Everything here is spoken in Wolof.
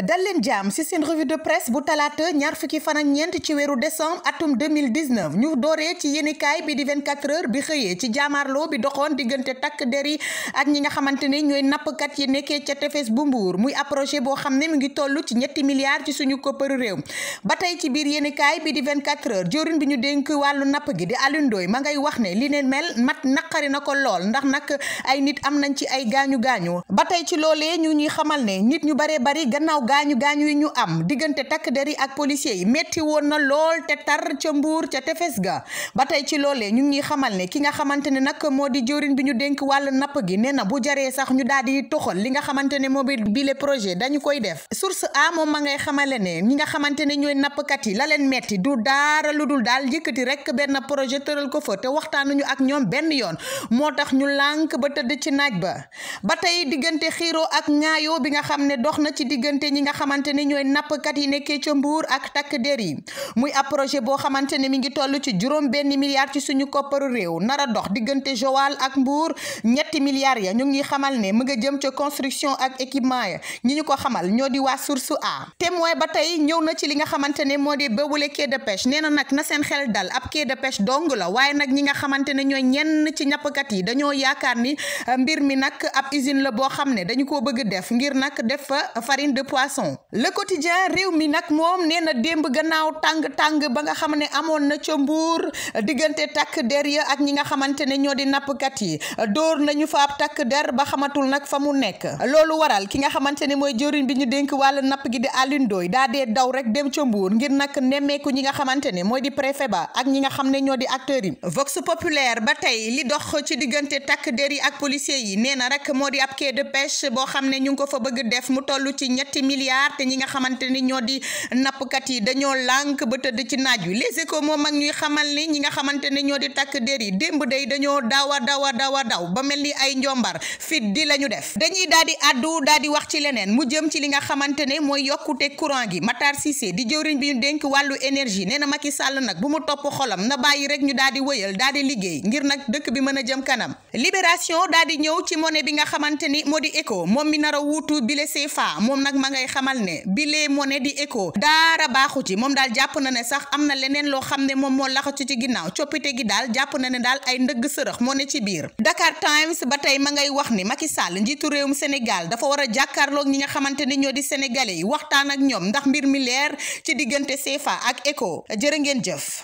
dal leen jàmm ci seen revue de presse bu talaata ñaar fukki fan ak ñeent ci weeru décembre atum 2019 ñu dooree ci yenikaay bi di 24 heures bi xëyee ci jaamaarloo bi doxoon diggante takk der yi ak ñi nga xamante ne ñooy nappkat yi nekkee ca tefes bu mbuur muy approché boo xam ne mu ngi toll ci ñetti milliards ci suñu ko kopparu réew ba tey ci biir yéenekaay bi di 24 heures jëwriñ bi ñu dénk wàllu napp gi di Alioune Ndoye ma ngay wax ne li ne mel mat naqari na ko lool ndax nag ay nit am nañ ci ay gaañu gaañu ci loolee ñu xamal ne nit ñu baree bari gannaaw ginnaaw gaañu gaañu yi ñu am diggante takk der yi ak policiers yi metti woon na lool te tar ca mbuur ca tefes ga ba tey ci loolee ñu ngi xamal ne ki nga xamante ne nag moo di jëwriñ bi ñu dénk wàll napp gi nee na bu jaree sax ñu daal di toxal li nga xamante ne moo bi le projet dañu koy def source a ma ngay xamale ne ñi nga xamante ne ñooy nappkat yi la leen metti du daara lu dul daal yëkkati rek benn projet tëral ko fa te waxtaanuñu ak ñoom benn yoon moo tax ñu lànk ba tëdd ci naaj ba diggante xiiroo ak ŋaayoo bi nga xam ne dox na ci diggante ñi nga xamante ne ñooy nappkat yi nekkee ca Mbuur ak takk der yi muy ab projet boo xamante ne mi ngi toll ci juróom benn milliard ci suñu kopparu réew nara dox diggante Joal ak Mbuur ñetti milliards ya ñu ngi xamal ne mu nga jëm ca construction ak équipement ya ñi ñu ko xamal ñoo di waa source a témoin ba tey ñëw na ci li nga xamante ne moo di bébule quai de pêche nee na nag na seen xel dal ab quai de pêche dong la waaye nag ñi nga xamante ne ñooy ñenn ci nappkat yi dañoo yaakaar ni euh, mbir mi nag ab usine la boo xam ne dañu ko bëgg def ngir nag def farine façon le quotidien réew mi nag moom nee na démb gannaaw tàng-tàng ba nga xam ne amoon na ca mbuur diggante takk der yi ak ñi nga xamante ne ñoo di nappkat yi door nañu fa ab takk der ba xamatul nag fa mu nekk loolu waral ki nga xamante ne mooy jëriñ bi ñu dénk wàll napp gi di Alioune Ndoye daa daw rek dem ca mbuur ngir nag nemmeeku ñi nga xamante ne mooy di préfet ba ak ñi nga xam ne ñoo di acteur yi vox populaire ba tey li dox ci diggante takk der yi ak policier yi nee na rek moo di ab quai de xam milliards te ñi nga xamante ni ñoo di nappkat yi dañoo lànk ba tëdd ci naaj wi les échos moom ak ñuy xamal ni ñi nga xamante ne ñoo di takk der yi démb day dañoo dawa dawa dawa daw ba mel ni ay njombar fit di lañu def dañuy daal di addu daal di wax ci leneen mu jëm ci li nga xamante ne mooy yokkute courant gi Matar Cissé di jëwriñ bi ñu dénk wàllu énergie nee na Macky sàll nag bu mu topp xolam na bàyyi rek ñu daal di wëyal daal di liggéey ngir nag dëkk bi mën a jëm kanam libération lay xamal ne bile ne di éco daara baaxu ci moom daal jàpp na ne sax am na leneen loo xam ne moom moo laxacu ci ginnaaw coppite gi daal jàpp na ne daal ay ndëgg sërëx moo ne ci biir Dakar Times ba tey ma ngay wax ni ma Macky Sall njiitu réewum Sénégal dafa war a jàkkaarloog ñi nga xamante ni ñoo di sénégalais yi waxtaan ak ñoom ndax mbir mi leer ci diggante CFA ak éco jërë ngeen jëf